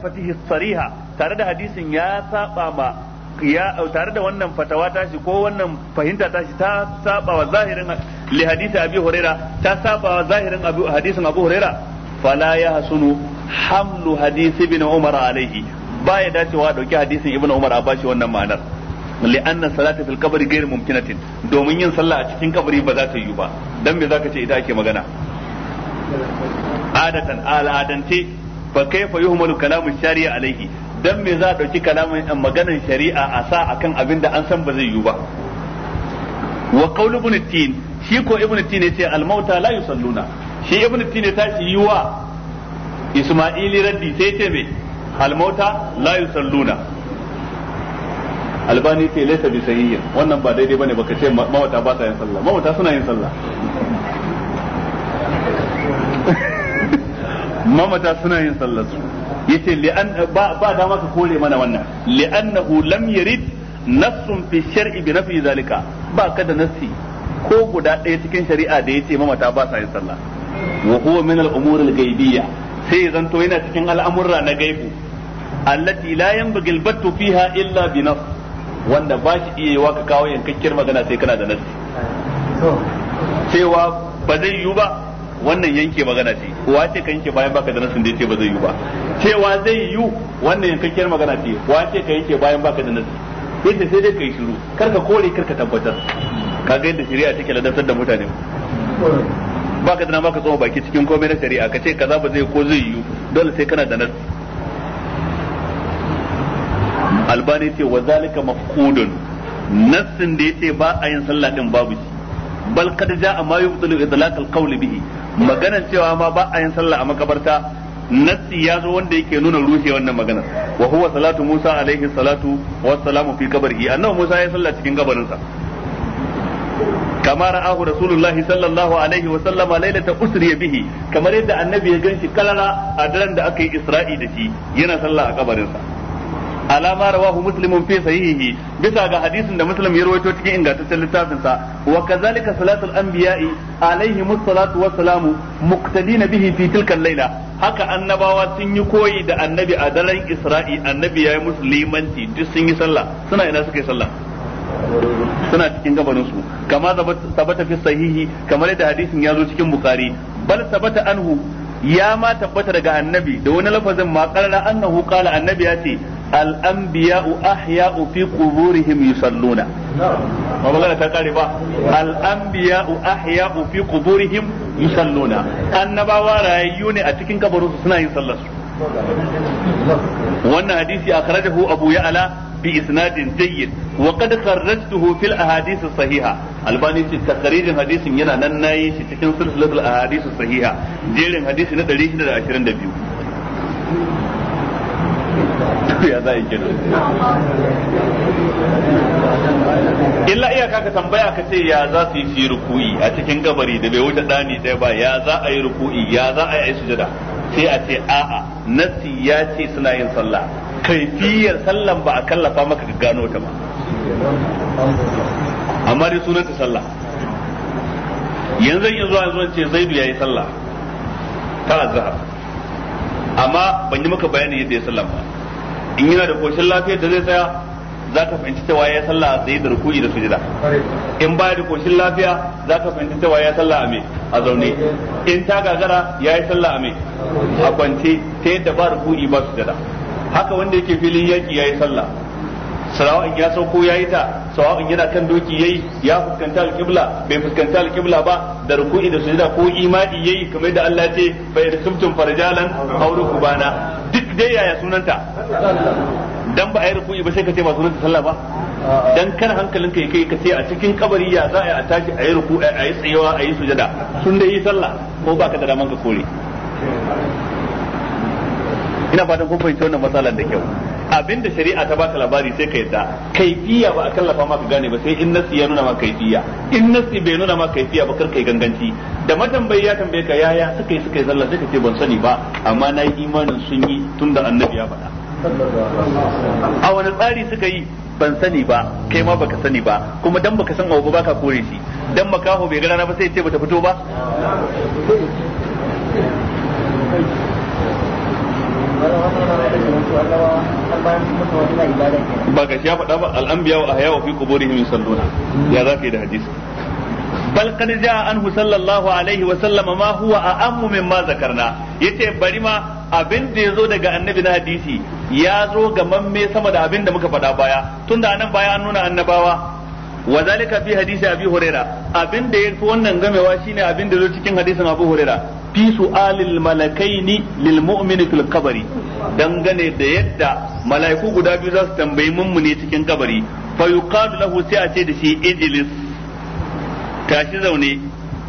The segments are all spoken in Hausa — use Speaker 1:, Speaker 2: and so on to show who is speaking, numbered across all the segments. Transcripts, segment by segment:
Speaker 1: fatihi sariha tare da hadisin ya saba ma ya tare da wannan fatawa tashi ko wannan fahimta tashi ta saba wa zahirin li hadisi abi huraira ta saba wa zahirin abu hadisin abu huraira fala ya hasunu hamlu hadisi ibn umar alaihi baya dacewa dauki hadisin ibn umar a bashi wannan ma'anar li'anna salata fil qabri ghayr mumkinatin domin yin sallah a cikin kabari ba za ta yiwu ba dan me zaka ce ita ake magana adatan al'adance fa yi yuhmalu kalamu shari'a alaihi dan me za a dauki kalamin eh, maganin shari'a a sa akan abin da an san ba zai yiwu ba wa qawlu ibn tin shi ko ibn tin yace al mauta la yusalluna shi ibn tin ya tashi yi wa isma'ili raddi sai ce me al mauta la yusalluna albani ce laysa bi sahihin wannan ba daidai bane baka ce mawata ba sa yin sallah mawata suna yin sallah mamata suna yin sallarsu. yace li'an ba ba dama ka kore mana wannan li'annahu lam yarid nassun fi shar'i bi nafi zalika ba ka da nassi ko guda ɗaya cikin shari'a da yace mamata ba sa yin sallah wa huwa min al-umur al-ghaibiyya sai zanto yana cikin al'amurra na gaibu allati la yanbaghi al-battu fiha illa bi nass wanda ba shi iya yiwa ka kawo yankakkiyar magana sai kana da nassi cewa ba zai yiwu ba wannan yanke magana ce wace ka yanke bayan baka da nasin da yace ba zai yi ba cewa zai yi wannan yankakkiyar magana ce wace ka yanke bayan baka da nasin yace sai dai kai shiru kar ka kore kar ka tabbatar kaga yadda shari'a take ladabtar da mutane baka da baka tsoma baki cikin komai na shari'a ka ce kaza ba zai ko zai yi dole sai kana da albani ce wa zalika mafkudun nassin da yace ba a yin sallah din babu shi bal kad ja amma yubtilu idlaq al bihi maganar cewa ma ba a yin sallah a makabarta nassi ya zo wanda yake nuna rushe wannan maganar wa huwa salatu Musa alaihi salatu wa salamu fi qabrihi annabi Musa ya sallah cikin sa kama ra'ahu rasulullahi sallallahu alaihi wa sallama lailata usriya bihi kamar yadda annabi ya ganshi kalala a daren da aka yi Isra'i da shi yana sallah a sa alama rawahu muslimun fi sahihihi bisa ga hadisin da muslim ya rawaito cikin ingantaccen littafin sa wa kazalika salatul anbiya'i alaihi musallatu wassalamu muqtadina bihi fi tilka laila haka annabawa sun yi koyi da annabi a daren isra'i annabi yayi musulmanci duk sun yi sallah suna ina suka yi sallah suna cikin gabanin su kama sabata fi sahihi kamar yadda hadisin ya zo cikin bukhari bal sabata anhu ya ma tabbata daga annabi da wani lafazin ma qarra annahu qala annabi ya ce الأنبياء أحياء في قبورهم يصلون ما بغينا تقالي با الأنبياء أحياء في قبورهم يصلون النبوة رأيوني أتكين كبروس سنة يصلى وأن حديث أخرجه أبو يعلى بإسناد جيد وقد خرجته في الأحاديث الصحيحة الباني في تخريج حديث ينا ننايش تكين سلسلة الأحاديث الصحيحة جيرين حديث ندريش ندر 22 ya za a yi kenan illa iya ka tambaya ka ce ya za su yi su yi ruku'i a cikin gabari da bai wuce ɗani ɗaya ba ya za a yi ruku'i ya za a yi sujada sai a ce a'a na ya ce suna yin sallah kaifiyar sallan ba a kallafa maka ka gano ta ba amma dai ta sallah yanzu yanzu yanzu ce zaidu yi sallah ta azhar amma ban yi maka bayani yadda ya sallah ba in yana da koshin lafiyar da zai tsaya za ka fahimci cewa ya sallah a tsaye da ruku'i da sujida in baya da koshin lafiya za ka fahimci cewa ya sallah a me a zaune in ta gagara ya yi sallah a me a kwance ta yadda ba ruku'i ba sujida haka wanda yake filin yaki ya yi sallah sarawa in ya sauko ya yi ta sawabin yana kan doki yayi ya fuskanta alqibla bai fuskanta alqibla ba da ruku'i da sujada ko imani yayi kamar da Allah ya ce fa irtumtum farjalan aw rukbana duk dai yaya sunanta dan ba a yi ruku'i ba sai ka ce ba sunanta sallah ba dan kar hankalinka ka kai ka ce a cikin kabari ya za a tashi a yi ruku'i a yi tsayawa a yi sujada sun dai yi sallah ko ba ka da daman ka kore ina fatan kun fahimci wannan matsalar da kyau abinda shari'a ta baka labari sai ka yadda kaifiya ba a kallafa maka gane ba sai in nasi ya nuna maka kaifiya in nasi bai nuna maka kaifiya ba kar kai ganganci da matambayi ya tambaye ka yaya suka yi suka yi zalla sai ka ce ban sani ba amma na yi imanin sun yi da annabi ya faɗa a wani tsari suka yi ban sani ba kai ma baka sani ba kuma dan baka san abu ba baka kore shi dan makaho bai ga rana ba sai ya ce bata fito ba ba ga ya faɗa ba al'anbiya wa ahya wa fi quburihim salluna ya za yi da hadisi bal qad jaa anhu sallallahu alaihi wa sallama ma huwa min ma zakarna yace bari ma abin da yazo daga annabi na hadisi ya zo ga mamme sama da abin da muka faɗa baya tun tunda anan baya an nuna annabawa wa zalika fi hadisi abi huraira abin da yafi wannan gamewa shine abin da zo cikin hadisin abu huraira fi su'alil malakaini lil mu'mini fil qabri dangane da yadda mala'iku guda biyu za su tambayi mummune cikin kabari fa yuqalu lahu sai a ce da shi ijlis tashi zaune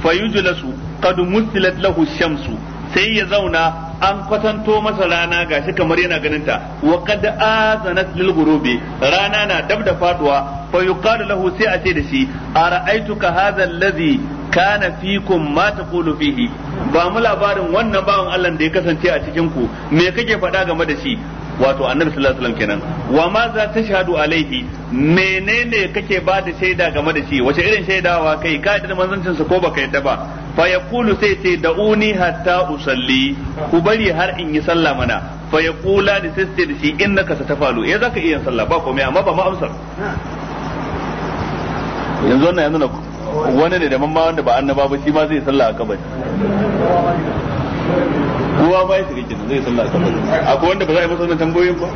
Speaker 1: fa yujlasu qad mustilat lahu shamsu sai ya zauna an kwatanto masa rana Ga shi kamar yana ganin ta wa qad azanat lil ghurubi rana na dab da faduwa fa yuqalu lahu sai a ce da shi ara'aituka hadha alladhi kana fikum ma taqulu fihi ba mu labarin wannan bawan Allah da ya kasance a cikin ku me kake faɗa game da shi wato annabi sallallahu alaihi wasallam kenan wa ma za ta shahadu alaihi menene kake ba da shaida game da shi wace irin shaidawa kai ka da manzancin sa ko baka yadda ba fa yaqulu sai sai da'uni hatta usalli ku bari har in yi sallah mana fa yaqula ni sai sai da shi innaka satafalu ya eh, zaka iya sallah ba komai amma ba ma amsar yanzu wannan yanzu wani ne da mamma wanda ba annaba ba shi ma zai sallah a kabari kowa ma ya shiga kenan zai sallah sallah akwai wanda ba za a yi masa tambayoyin ba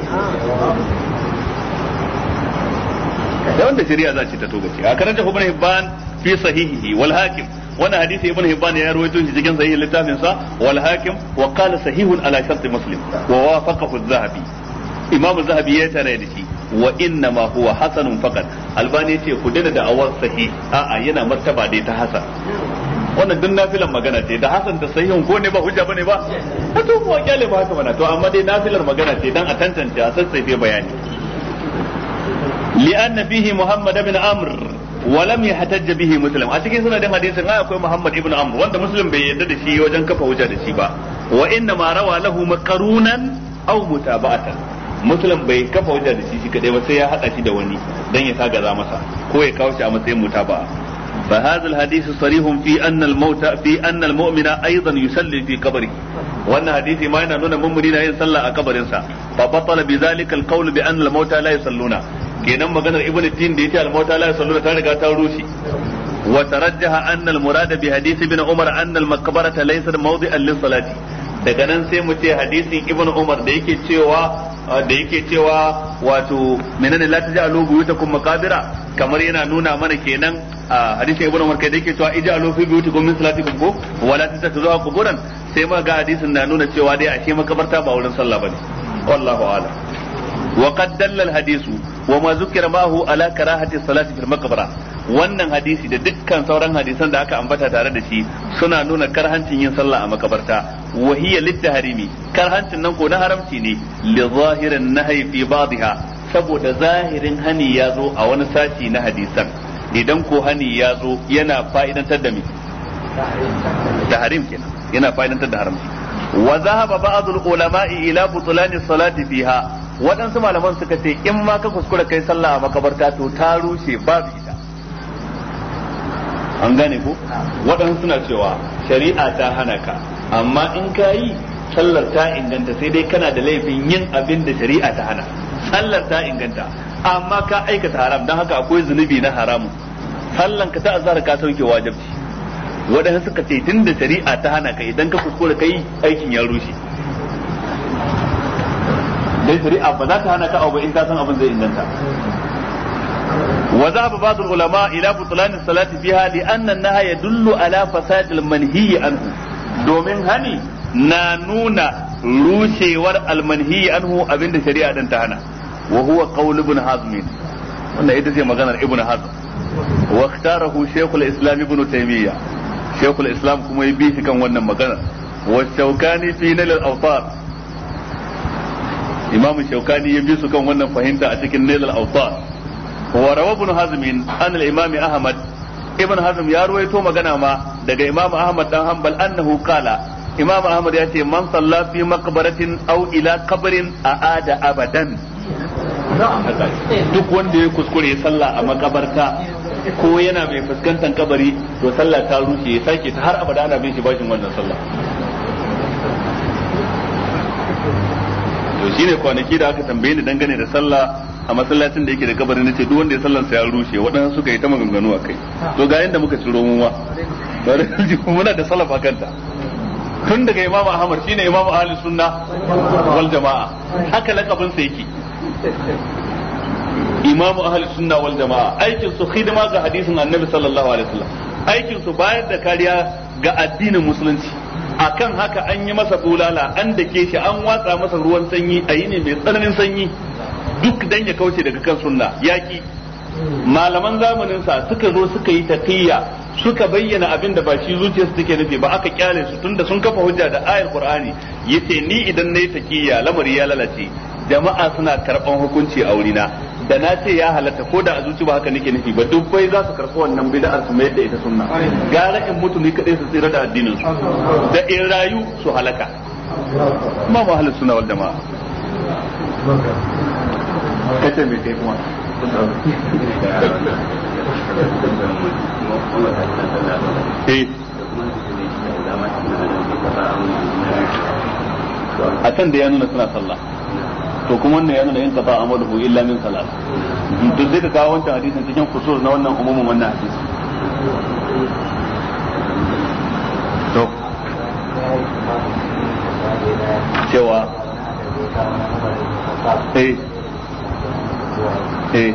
Speaker 1: da wanda shari'a za ce ta toga ce a karanta hibban fi sahihihi wal hakim wannan hadisi ibn hibban ya rawaito shi cikin sahihin littafin sa wal hakim wa qala sahihun ala shart muslim wa wafaqahu az-zahabi zahabi ya tare da shi wa inna ma huwa hasanun faqat albani ce ku dana da awar sahih a'a yana martaba dai ta hasan wannan duk nafilan magana ce da hasan da sahihun ko ne ba hujja bane ba a to ko kyale ba haka bana to amma dai nafilar magana ce dan a tantance a sassaife bayani anna fihi muhammad ibn amr wa lam yahtajj bihi muslim a cikin sunan hadisin ai akwai muhammad ibn amr wanda muslim bai yarda da shi wajen kafa hujja da shi ba wa inna ma rawa lahu maqarunan aw mutaba'atan muslim bai kafa hujja da shi shi kadai ba sai ya hada shi da wani dan ya za masa ko ya kawo shi a matsayin mutaba'a فهذا الحديث صريح في أن الموت في أن المؤمن أيضا يصلي في قبره وأن حديث ما ينون مؤمنين أن فبطل بذلك القول بأن الموتى لا يصلون maganar ibn tin da yace ta riga ta rushe wa anna al-murad bi umar anna salati daga nan sai mu ce hadisin ibn umar da yake cewa da yake cewa wato menene la taj'alu buyutakum maqabira kamar yana nuna mana kenan a hadisin ibn umar kai da yake cewa ij'alu fi buyutikum min salatikum ko wala tatazu quburan sai ma ga hadisin na nuna cewa dai ashe makabarta ba wurin sallah bane wallahu a'lam hadisu wa ma وما ذكر معه ala karahati salati fil المقبرة wannan hadisi da dukkan sauran hadisan da aka ambata tare da shi suna nuna karhancin yin sallah a makabarta wa hiya littahrimi karhancin nan ko na haramci ne li zahirin nahyi fi ba'dha saboda zahirin hani ya zo a wani sashi na hadisan idan ko hani ya zo yana fa'idantar da me tahrim kenan yana fa'idantar da haramci wa zahaba ba'd ulama'i ila butlani salati fiha waɗansu malaman suka ce in ma ka kuskura kai sallah a makabarta to ta rushe babu ita an gane ko waɗansu suna cewa shari'a ta hana ka amma in ka yi sallar ta inganta sai dai kana da laifin yin abin da shari'a ta hana sallar ta inganta amma ka aikata haram don haka akwai zunubi na haramu sallan ka ta azhar ka sauke wajibi wadanda suka ce tun da shari'a ta hana ka idan ka kuskura kai aikin ya rushe dai shari'a ba za ta hana ka abu in ka san abin zai inganta وذهب بعض العلماء إلى بطلان الصلاة فيها لأن النهي يدل على فساد المنهي عنه domin hani na nuna rushewar almanhi anhu abinda shari'a din ta hana wa huwa qaul ibn hazm wannan ita ce maganar ibn hazm wa ikhtarahu shaykhul islam ibn taymiya shaykhul islam kuma ya bi shi kan wannan maganar wa shaukani fi nal al-awtar imam shaukani ya bi su kan wannan fahimta a cikin nal al-awtar wa rawa ibn hazm an al-imam ahmad ibn hazm ya ruwaito magana ma daga Imam Ahmad dan Hanbal annahu qala Imam Ahmad ya ce man salla fi maqbaratin aw ila qabrin ada abadan duk wanda ya kuskure sallah a makabarta ko yana mai fuskantar kabari to sallah ta rushe ya sake ta har abada ana bin shi bashin wannan sallah to shine kwanaki da aka tambaye ni dangane da sallah a masallacin da yake da kabari nace duk wanda ya sallansa ya rushe waɗansu suka yi ta maganganu a kai to ga yanda muka ciro mu ma muna da salaf a kanta tun daga imamu ahmad shine imamu ahlus sunna wal jama'a haka lakabin sa yake imamu ahli sunna wal jama'a aikin su khidma ga hadisin annabi sallallahu alaihi wasallam aikin su bayar da kariya ga addinin musulunci akan haka an yi masa bulala an dake shi an watsa masa ruwan sanyi a yi ne mai tsananin sanyi duk dan ya kauce daga kan sunna yaki malaman zamanin sa suka zo suka yi taqiyya suka bayyana abin da ba shi zuciyar su take nufi ba aka kyale su tunda sun kafa hujja da ayar qur'ani yace ni idan nayi taqiyya lamari ya lalace jama'a suna karban hukunci a wurina da na ce ya halatta ko da a zuci ba haka nake nufi ba duk bai za su karɓi wannan bid'ar su mai da ita sunna gara in mutu ni kadai su tsira da addinin su da in rayu su halaka ma mu ahlus sunna wal jama'a kace me kai kuma Eh. a kan da ya nuna suna sallah to kuma wannan ya nuna yin kafa a amaluhu illa min salat to sai ka kawo wancan hadisin cikin kusur na wannan umumin wannan hadisi to cewa eh eh eh eh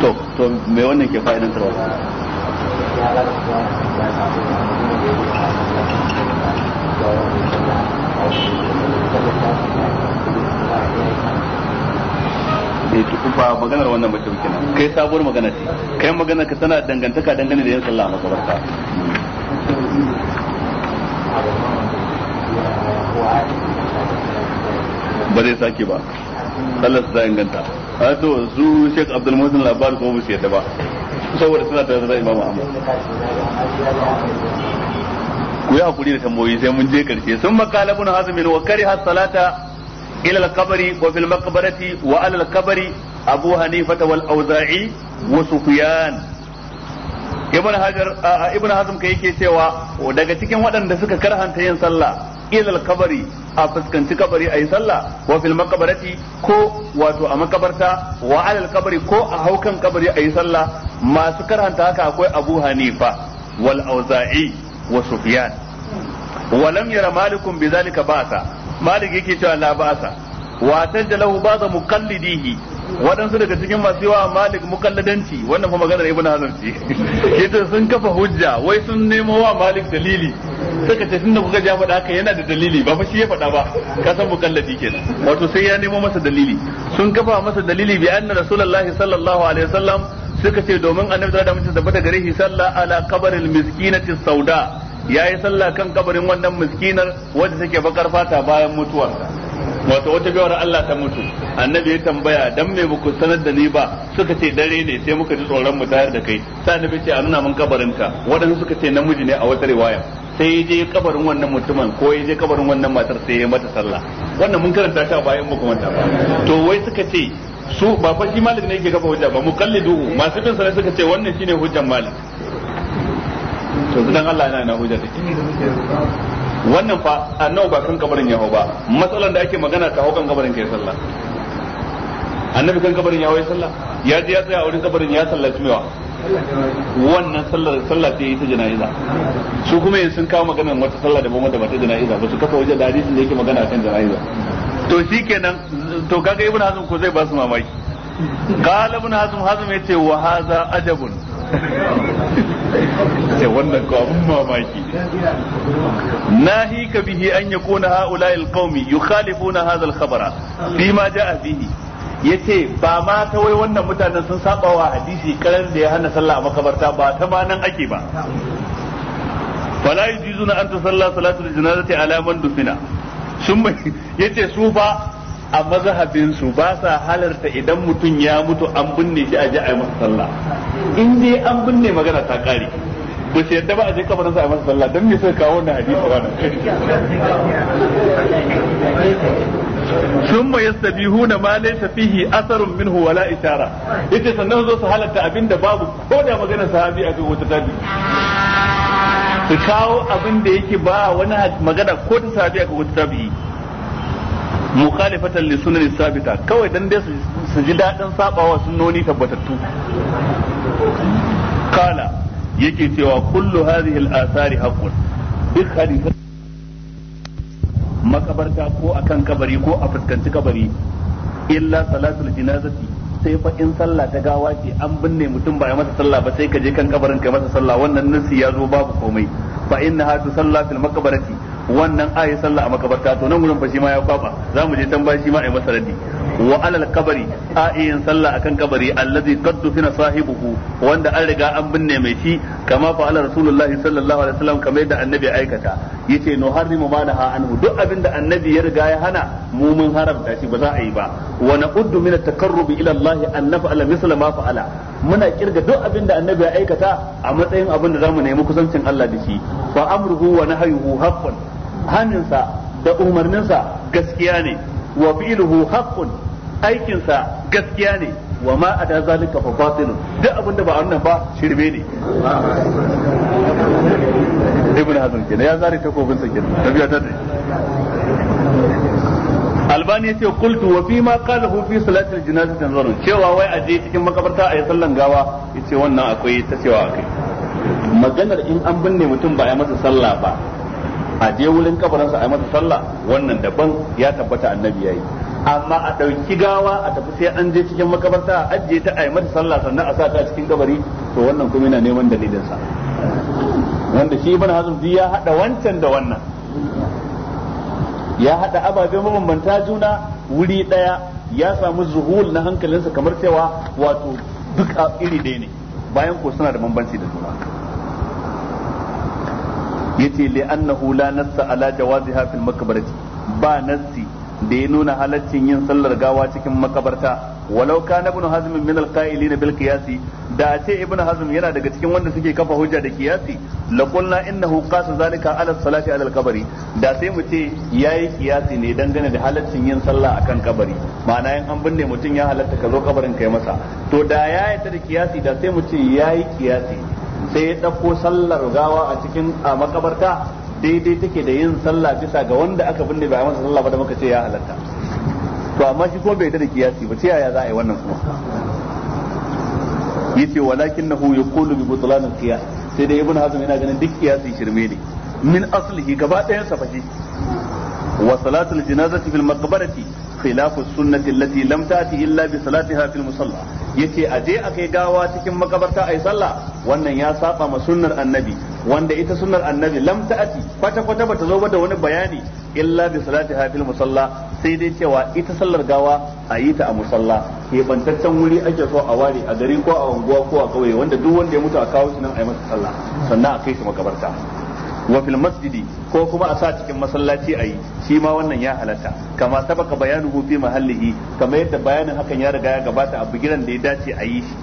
Speaker 1: to to me wannan ke fa'idan tarwa Thank eh ba maganar wannan ba tabbata kenan kai sabuwar magana ce kai magana ka tana dangantaka dangane da yin sallah a barka ba zai sake ba sallar su ta inganta a to su Sheikh Abdul Muhsin Labar ko ba su yadda ba saboda suna tare da Imam amma. ku yi hakuri da tambayoyi sai mun je karshe sun makala bin hazmin wa kariha salata ila al-qabri wa fil maqbarati wa ala al-qabri Abu Hanifa wal Auza'i wa Sufyan Ibn Hajar Ibn Hazm yake cewa daga cikin waɗanda suka karhanta yin sallah ilal kabari a fuskanci kabari a yi sallah wa fil makabarati ko wato a makabarta wa kabari ko a haukan kabari ayi yi sallah masu karanta haka akwai abu hanifa wal auza'i wa sufyan wa lam yara malikun bi zalika ba'sa malik yake cewa la ba'sa wa tajalahu ba'da muqallidihi waɗansu daga cikin masu yawa malik mukalladanci wannan fa maganar ibnu hazm ce yace sun kafa hujja wai sun nemo wa malik dalili suka ce tunda kuka ja faɗa haka yana da dalili ba fa shi ya faɗa ba ka san mukalladi kenan wato sai ya nemo masa dalili sun kafa masa dalili bi anna rasulullahi sallallahu alaihi wasallam suka ce domin annabi da mutum da bata gare shi sallah ala qabril miskinati sauda ya yi sallah kan kabarin wannan miskinar wadda take bakar fata bayan mutuwarsa wato wata biyar Allah ta mutu annabi ya tambaya dan me ba ku sanar da ni ba suka ce dare ne sai muka ji tsoron mu tayar da kai sai annabi ce a nuna mun ka. wadan suka ce namiji ne a wata riwaya sai ya je kabarin wannan mutumin ko ya je kabarin wannan matar sai ya mata sallah wannan mun karanta ta bayan muku manta to wai suka ce su ba fa shi malik ne yake gaba hujja ba mukallidu masu bin sanar suka ce wannan shine hujjan malik yanzu dan Allah yana na hujja take wannan fa annabi ba kan kabarin yaho ba matsalan da ake magana ta hukan kabarin kai sallah annabi kan kabarin yaho ya sallah ya je ya tsaya wurin kabarin ya sallaci mewa wannan sallar sallah ce ta jana'iza su kuma yin sun kawo magana wata sallah da wanda da bata jana'iza ba su kafa wajen da hadisin da yake magana kan jana'iza to shikenan to kaga ibnu hazm ko zai ba su mamaki qala ibnu hazm hazm yace wa hadha ajabun ce wannan ko abin mamaki nahi ka bihi an yakuna haula alqaumi yukhalifuna hadha alkhabara bima jaa bihi ce ba ma ta wai wannan mutanen sun saba wa hadisi karan da ya hana sallah a makabarta ba ta ma nan ake ba fala na an ta tusalla salatu janazati ala alaman dufina sun bai ya ce su ba. a mazhabin su ba sa halarta idan mutum ya mutu an binne shi a ji a yi masa sallah in dai an binne magana ta kare ba su yadda ba a je kafin sa a yi masa sallah don me sai kawo wannan hadisi ba sun ma bihu na ma laysa fihi asarun minhu wala ishara yace sannan zo su halatta abinda babu ko da maganar sahabi a kan wata tabi su kawo abin da yake ba wani magana ko ta sahabi a kan wata tabi'i mukhalifatan li sunan sabita kawai dan dai su ji dadin sabawa sunnoni tabbatattu kala yake cewa kullu hadhihi al-athari haqqun duk hadisan makabarta ko akan kabari ko a fuskanci kabari illa salatul jinazati sai fa in sallah ta gawa ce an binne mutum ba ya masa sallah ba sai ka je kan kabarin kai masa sallah wannan nasi ya zo babu komai fa inna hatu sallah makabarati wannan ayi sallah a makabarta to nan gurin fa shi ma ya kwaba za mu je tambaya shi ma ai masa radi wa alal kabari ayin sallah akan kabari allazi qad dufina sahibuhu wanda an riga an binne mai shi kama fa ala rasulullahi sallallahu alaihi wasallam kamar yadda annabi aikata yace no harimu ma naha anhu duk abin da annabi ya riga ya hana mu mun haramta shi ba za a yi ba wa na'uddu min at-taqarrub ila allahi an naf'ala misla ma fa'ala muna kirga duk abin da annabi ya aikata a matsayin abin da zamu nemi kusancin Allah da shi fa amruhu wa nahyuhu haqqan haninsa da umarninsa gaskiya ne wa fi'luhu haqqun aikinsa gaskiya ne wa ma ada zalika fa batil duk abinda ba nan ba shirme ne ibn hazm ke ya zare takobin sa kenan tabiya ta albani yace qultu wa fima qalahu fi salati aljanaza tanzaru cewa wai aje cikin makabarta ayi sallan gawa yace wannan akwai ta cewa akai maganar in an binne mutum ba ya masa sallah ba a je wurin kabarinsa a yi masa sallah wannan daban ya tabbata annabi yayi amma a ɗauki gawa a tafi sai an je cikin makabarta a ajiye ta a yi mata sallah sannan a sa ta cikin kabari to wannan kuma yana neman dalilinsa wanda shi ibn hazm ya hada wancan da wannan ya hada ababe mabambanta juna wuri daya ya samu zuhul na hankalinsa kamar cewa wato duk iri dai ne bayan ko suna da bambanci da juna yace li annahu la nassa ala jawaziha fil makbarati ba nassi da ya nuna halaccin yin sallar gawa cikin makabarta walau kana ibn hazm min alqa'ilin bil qiyasi da a ce ibn hazm yana daga cikin wanda suke kafa hujja da qiyasi la qulna innahu qasa zalika ala salati ala alqabri da sai mu ce yayi qiyasi ne dangane da halaccin yin sallah akan kabari ma'ana in an binne mutum ya halatta ka zo kabarin kai masa to da ya yi ta da qiyasi da sai mu ce yayi qiyasi sai ya ɗauko sallar gawa a cikin a makabarta daidai take da yin sallah bisa ga wanda aka binne ba a masa sallah ba da muka ce ya halatta to amma shi kuma bai da kiyasi ba ce yaya za a yi wannan kuma yace walakinahu yaqulu bi butlan al-qiyas sai dai ibn hazm yana ganin duk kiyasi shirme ne min aslihi gaba ɗayan sa fashi wa salatul janazati fil maqbarati khilafu sunnati allati lam ta'ti illa bi salatiha fil musalla yace a je a kai gawa cikin makabarta ayi sallah wannan ya saba ma sunnar annabi wanda ita sunnar annabi lam ta'ati kwata kwata bata zo ba da wani bayani illa bi salati hafil musalla sai dai cewa ita sallar gawa a yi ta a musalla ke bantaccen wuri ake so a ware a gari ko a unguwa ko a kauye wanda duk wanda ya mutu a kawo shi nan a yi masa sallah sannan a kai shi makabarta wa fil masjidi ko kuma a sa cikin masallaci a yi shi ma wannan ya halatta kama sabaka hu fi mahallihi kama yadda bayanin hakan ya riga ya gabata a bugiran da ya dace a yi shi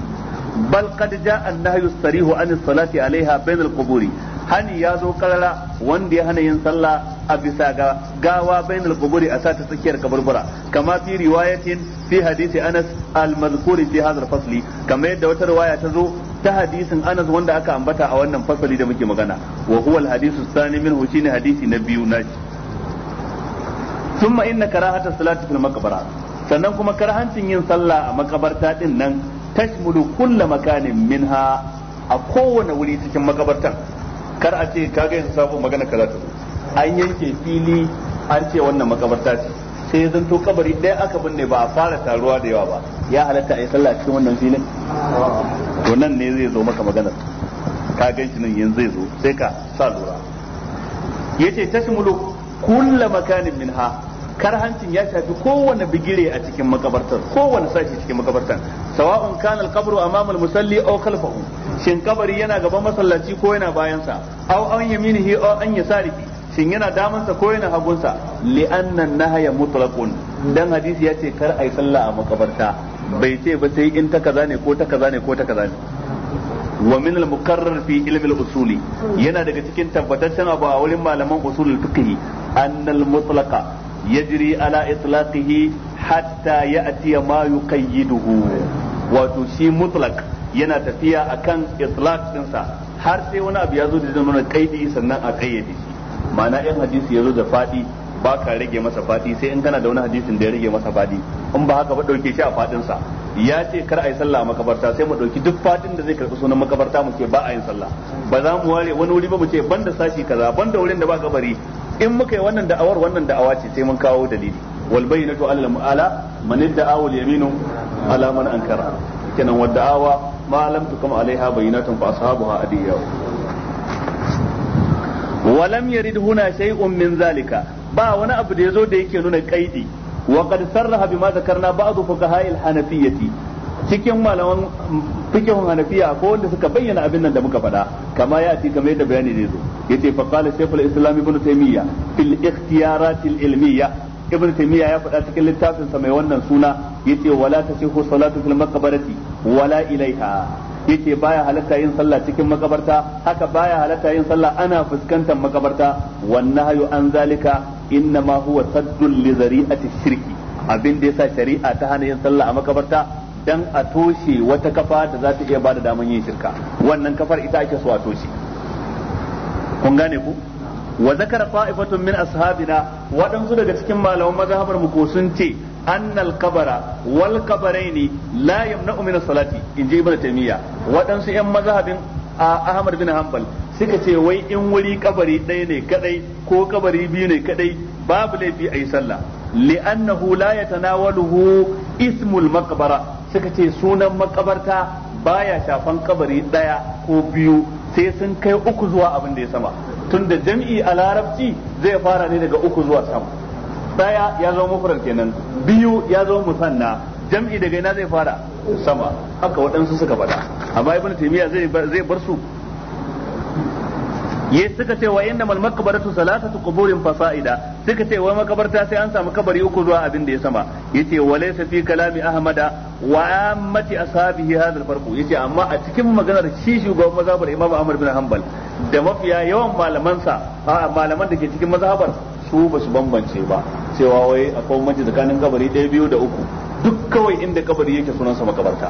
Speaker 1: bal qad jaa an-nahyu sarihu an as-salati alaiha bain al-quburi hani ya zo karara wanda ya hana yin sallah a bisa ga gawa bain al-quburi a sata tsakiyar kaburbura kama fi riwayatin fi hadisi Anas al-madhkur fi hadha al-fasli kama yadda wata riwaya ta zo ta hadisin Anas wanda aka ambata a wannan fasali da muke magana wa huwa al-hadisu thani minhu shine hadisi na biyu shi thumma inna karahata salati fil maqbara sannan kuma karahancin yin sallah a makabarta din nan tashmulu kullu makanin minha a kowane wuri cikin makabartan kar a ce kaga yanzu sabon magana karatu an yanke fili an ce wannan makabarta ce sai ya zanto kabari ɗaya aka binne ba a fara taruwa da yawa ba ya halatta a yi sallah cikin wannan filin to nan ne zai zo maka maganar ka gan shi nan yanzu zai zo sai ka sa lura yace tashmulu kulla makanin minha karhancin ya shafi kowane bigire a cikin makabartar kowane sashi cikin makabartar sawa'un kanal al-qabru amama al-musalli aw khalfahu shin kabari yana gaban masallaci ko yana bayansa aw an yaminihi aw an yasarihi shin yana damansa ko yana hagunsa li'annan nahaya mutlaqun dan hadisi ya ce kar ai sallah a makabarta bai ce ba sai in ta kaza ne ko ta kaza ne ko ta kaza ne wa min al muqarrar fi ilm al usuli yana daga cikin tabbataccen abu a wurin malaman usul al fiqh an al mutlaqa yajri ala itlaqihi hatta ya'ti ma yuqayyiduhu wato shi mutlaq yana tafiya akan itlaq dinsa har sai wani abu ya zo da nuna kaidi sannan a kayyade shi ma'ana in hadisi ya zo da fadi ba ka rage masa fadi sai in kana da wani hadisin da ya rage masa fadi in ba haka ba dauke shi a fadin sa ya ce kar a yi sallah a makabarta sai mu ɗauki duk fadin da zai karɓi sunan makabarta mu ce ba a yin sallah ba za mu ware wani wuri ba mu ce banda sashi kaza da wurin da ba kabari in muka yi wannan da'awar wannan da'awa ce sai mun kawo dalili wal bayyinatu ala ala man idda'a wal yaminu ala man ankara kenan wa da'awa ma lam tukam alaiha bayyinatun fa ashabuha adiyaw walam yarid huna shay'un min zalika ba wani abu da yazo da yake nuna kaidi wa qad sarraha bima zakarna ba'd fuqaha al-hanafiyyati cikin malaman fikihun hanafiya ko wanda suka bayyana abin nan da muka faɗa kama ya ci kamar yadda bayani ne zo yace fa qala shaykhul islam ibn taymiya fil ikhtiyarat al ilmiya ibn taymiya ya faɗa cikin littafin sa mai wannan suna yace wala tasihu salatu fil maqbarati wala ilaiha yake baya halatta yin sallah cikin makabarta haka baya halatta yin sallah ana fuskantar makabarta Wannan nahyu an zalika inna ma huwa saddul li zari'ati shirki abin da yasa shari'a ta hana yin sallah a makabarta dan a toshe wata kafa da za ta iya bada daman yin shirka wannan kafar ita ake so a toshe kun gane ku wa zakara fa'ifatun min ashabina waɗansu daga cikin malaman mazhabar mu ko sun ce أن القبر والقبرين layin يمنع من الصلاة إن جي ابن تيمية waɗansu 'yan a Ahmad bin Hanbal suka ce wai in wuri kabari ɗaya ne kaɗai, ko kabari biyu ne kaɗai, babu laifi a yi sallah li'annahu la yatanawaluhu ismul maqbara suka ce sunan makabarta baya shafan kabari ɗaya ko biyu sai sun kai uku zuwa abin da ya sama tunda jam'i a larabci zai fara ne daga uku zuwa sama daya ya zama mufrad kenan biyu ya zama musanna jam'i daga ina zai fara sama haka waɗansu suka faɗa amma ibnu taymiya zai zai bar su ya suka ce wa inna mal makbaratu salatatu quburin fasaida suka ce wa makabarta sai an samu kabari uku zuwa abin da ya sama yace wa laysa fi kalami ahmada wa ammati ashabihi hadha al yace amma a cikin maganar shi shugaban mazhabar imamu ahmad bin hanbal da mafiya yawan malaman sa malaman da ke cikin mazhabar su ba su bambance ba cewa wai akwai mace tsakanin kabari ɗaya biyu da uku duk kawai inda kabari yake sunan sunansa makabarta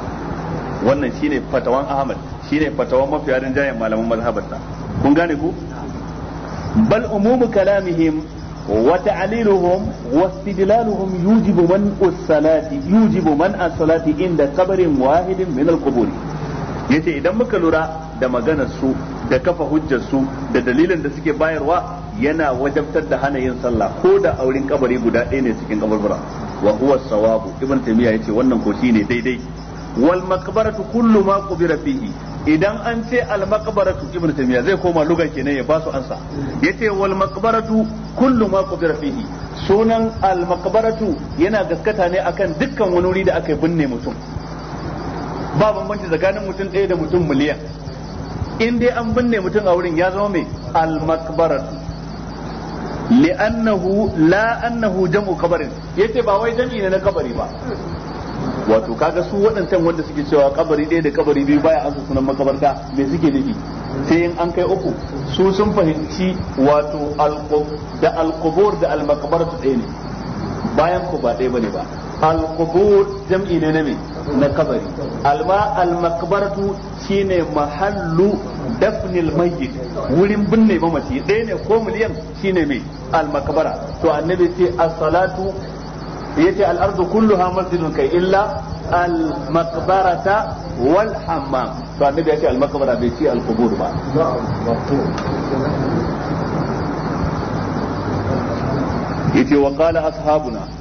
Speaker 1: wannan shine fatawan ahmad shine fatawan mafiyarin rinjayen malaman mazhabarsa kun gane ku bal umumu kalamihim wa ta'liluhum wa istidlaluhum yujibu man as-salati yujibu man as-salati inda qabrin wahidin min al-qubur yace idan muka lura da maganar su da kafa hujjar su da dalilin da suke bayarwa yana wajabtar da hana yin sallah ko da auren kabari guda ɗaya ne cikin kaburbura wa huwa sawabu ibn taymiya yace wannan ko shine daidai wal maqbaratu kullu ma qubira fihi idan an ce al maqbaratu ibn taymiya zai koma lugar kenan ya ba su ansa yace wal maqbaratu kullu ma qubira fihi sunan al maqbaratu yana gaskata ne akan dukkan wani wuri da aka binne mutum ba bambanci tsakanin mutum ɗaya da mutum miliyan in dai an binne mutum a wurin ya zama mai al maqbaratu li'annahu la annahu jam'u kabarin yace ba wai jam'i ne kabari ba wato kaga su waɗancan wanda suke cewa kabari ɗaya da kabari biyu baya ansa sunan makabarta me suke nufi sai in an kai uku su sun fahimci wato da alqubur da almakabaratu ɗaya ne bayan ku ba ɗaya bane ba alqubur jam'i ne na me na kabari alma almakbaratu shine mahallu dafnil mayyit wurin binne mamaci ɗaya ne ko miliyan shine mai almakbara to annabi ce as-salatu yace al-ardu kulluha masjidun kai illa al-maqbarata wal hammam to annabi yace al-maqbara bai ce al-qubur ba yace wa qala ashabuna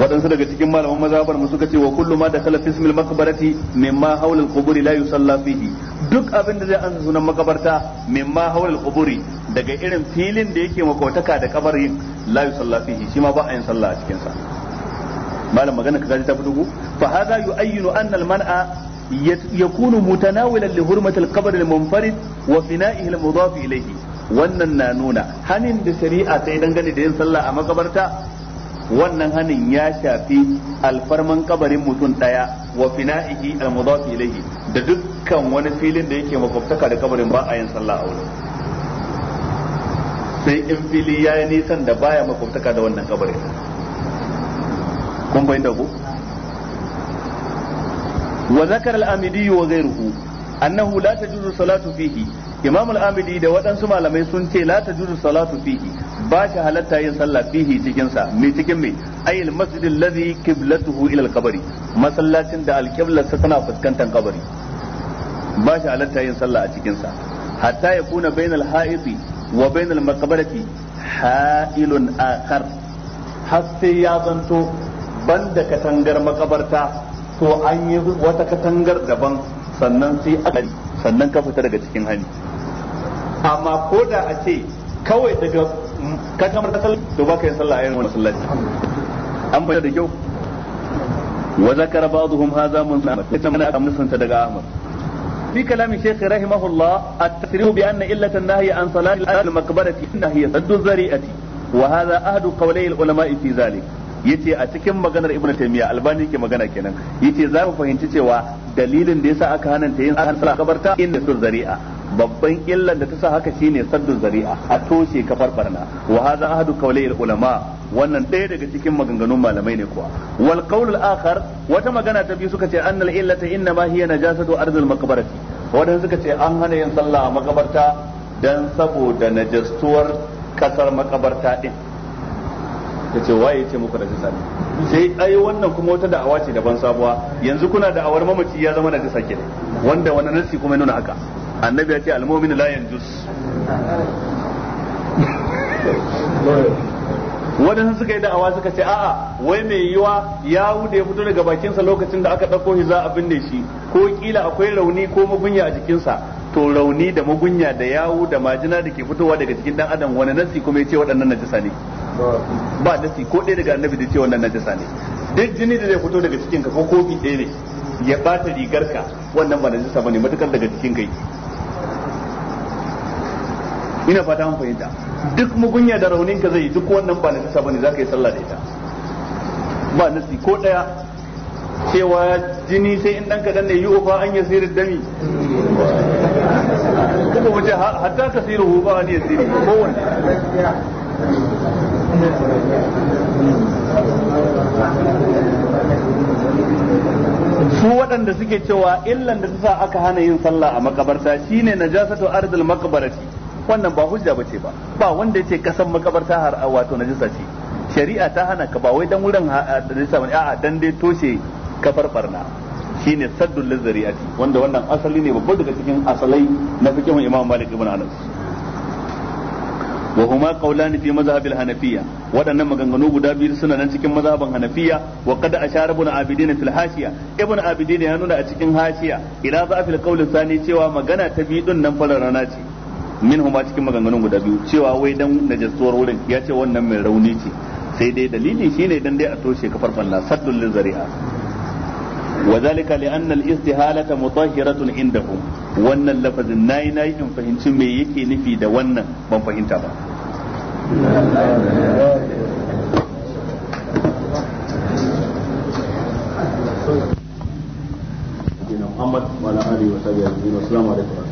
Speaker 1: waɗansu daga cikin malaman mazhabar mu suka ce wa kullu ma dakhala fi ismil maqbarati mimma hawla al-quburi la yusalla fihi duk abin da zai ansa sunan makabarta mimma hawla al-quburi daga irin filin da yake makotaka da kabari la yusalla fihi shi ma ba a yin sallah a cikin sa malam magana ka ta fi dugu fa hadha yu'ayyinu anna al-man'a yakunu mutanawilan li hurmati al-qabr al-munfarid wa fina'ihi al-mudaf ilayhi wannan na nuna hanin da shari'a ta dangane da yin sallah a makabarta wannan hanin ya shafi alfarman kabarin mutum daya wa fina'ihi al-mudaf ilayhi da dukkan wani filin da yake makwabtaka da kabarin ba a yin sallah a wurin sai in fili ya yi nisan da baya makwabtaka da wannan kabarin kun bayyana ku wa zakar al-amidi wa ghayruhu annahu la tajuzu salatu fihi imam al-amidi da waɗansu malamai sun ce la tajuzu salatu fihi ba shi halatta yin sallah fihi cikin sa me cikin me ayil masjid allazi qiblatuhu ila al masallacin da al-qiblar sa tana fuskantar kabari ba shi halatta yin sallah a cikin sa hatta kuna bainal haiti wa bainal maqbarati ha'ilun akhar har sai ya zanto banda katangar makabarta to an yi wata katangar daban sannan sai aka sannan ka fita daga cikin hani amma ko da a ce kawai daga ka kamar ka sallah to baka yin sallah a yayin wannan sallaci an fahimta da kyau wa zakara ba'dhum hadha mun ta mana aka musanta daga Ahmad في كلام الشيخ رحمه الله التسريح بأن إلة yace a cikin maganar ibnu taymiya albani ke magana kenan yace za mu fahimci cewa dalilin da yasa aka hananta yin sallah kabarta inda sun zari'a babban illan da ta sa haka shine saddu zari'a a toshe kafar barna wa hadha ahadu qawlayil ulama wannan ɗaya daga cikin maganganun malamai ne kuwa wal qawl al akhar wata magana ta biyu suka ce annal illata inna ma hiya najasatu ardil maqbarati wadan suka ce an hana yin sallah a makabarta dan saboda najastuwar kasar makabarta din ta ce waye ce muku da jisa sai ai wannan kuma wata da'awa ce daban sabuwa yanzu kuna da'awar mamaci ya zama najasa kenan wanda wani nasi kuma nuna haka annabi ya ce almomin la yanjus waɗansu suka yi da'awa suka ce a'a wai mai yiwa ya wuda ya fito daga bakinsa lokacin da aka ɗauko shi za a binne shi ko kila akwai rauni ko magunya a jikinsa to rauni da magunya da yawu da majina da ke fitowa daga cikin dan adam wani nasi kuma ya ce waɗannan najasa ne ba nasi ko ɗaya daga annabi da ce wannan najasa ne duk jini da zai fito daga cikinka ko kofi ɗaya ne ya ɓata rigarka wannan ba najasa bane matukar daga cikin kai ina fata mun fahimta duk mugunya da raunin ka zai duk wannan ba nasa bane ka yi sallah da ita ba nasi ko daya cewa jini sai in dan ka ne yi ufa an yasiri dami kuma wace hatta kasiru ba ne yasiri ko wanne su waɗanda suke cewa illan da ta sa aka hana yin sallah a makabarta shine najasatu ardul makabarati wannan ba hujja bace ba ba wanda yace kasan makabarta har wato najisa ce shari'a ta hana ka ba wai dan wurin najasa bane a'a dan dai toshe kafar barna shine saddul lazariati wanda wannan asali ne babbar daga cikin asalai na fiqh Imam Malik ibn Anas wa huma qawlan fi mazhab al-hanafiyya wadannan maganganu guda biyu suna nan cikin mazhaban hanafiyya wa qad ashara ibn abidin fil hashiya ibn abidin ya nuna a cikin hashiya ila fil qawl thani cewa magana ta biyu din nan farar rana ce min huma cikin maganganun guda biyu cewa wai dan najasuwar wurin ya ce wannan mai rauni ce sai dai dalili shine dan dai a toshe kafar falla saddul lizari'a wa zalika li anna al-istihalata mutahhiratun indahum wannan lafazin nayi nayi in fahimci me yake nufi da wannan ban fahimta ba محمد وعلى اله وصحبه اجمعين والسلام عليكم